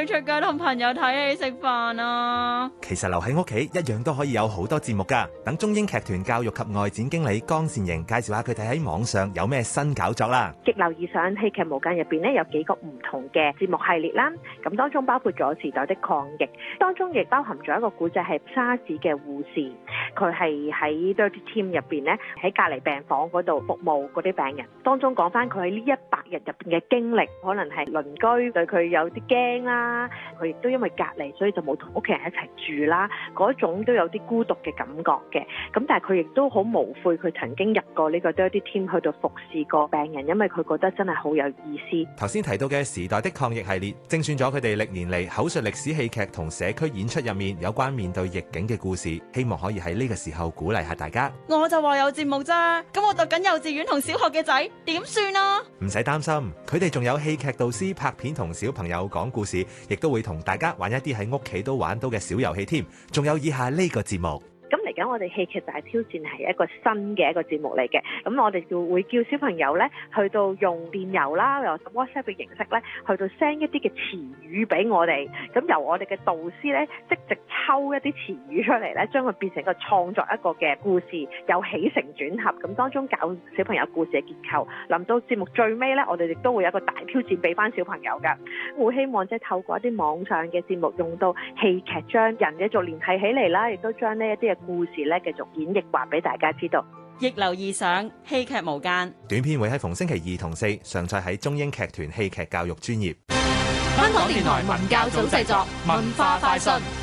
去出街同朋友睇戲食飯啊！其實留喺屋企一樣都可以有好多節目噶。等中英劇團教育及外展經理江善盈介紹下佢哋喺網上有咩新搞作啦。激流意識戲劇無間入邊呢，面有幾個唔同嘅節目系列啦。咁當中包括咗時代的抗疫，當中亦包含咗一個古仔係沙士嘅護士。佢係喺 Dirty Team 入邊呢，喺隔離病房嗰度服務嗰啲病人。當中講翻佢喺呢一百日入邊嘅經歷，可能係鄰居對佢有啲驚啦。佢亦都因為隔離，所以就冇同屋企人一齊住啦。嗰種都有啲孤獨嘅感覺嘅。咁但係佢亦都好無悔，佢曾經入過呢個 Dirty Team 去到服侍過病人，因為佢覺得真係好有意思。頭先提到嘅時代的抗疫系列，精選咗佢哋歷年嚟口述歷史戲劇同社區演出入面有關面對逆境嘅故事，希望可以喺呢個時候鼓勵下大家。我就話有節目咋，咁我讀緊幼稚園同小學嘅仔點算啊？唔使擔心，佢哋仲有戲劇導師拍片同小朋友講故事。亦都會同大家玩一啲喺屋企都玩到嘅小遊戲添，仲有以下呢個節目。嚟緊我哋戲劇大挑戰，係一個新嘅一個節目嚟嘅。咁我哋就會叫小朋友咧，去到用電郵啦，由 WhatsApp 嘅形式咧，去到 send 一啲嘅詞語俾我哋。咁由我哋嘅導師咧，即係直抽一啲詞語出嚟咧，將佢變成一個創作一個嘅故事，有起承轉合。咁當中教小朋友故事嘅結構。臨到節目最尾咧，我哋亦都會有一個大挑戰俾返小朋友㗎。我會希望即係透過一啲網上嘅節目，用到戲劇將人嘅做連係起嚟啦，亦都將呢一啲嘅故。故事咧繼續演繹，話俾大家知道。逆流而上，戲劇無間。短片會喺逢星期二同四上載喺中英劇團戲劇教育專頁。香港電台文教組製作，文化快訊。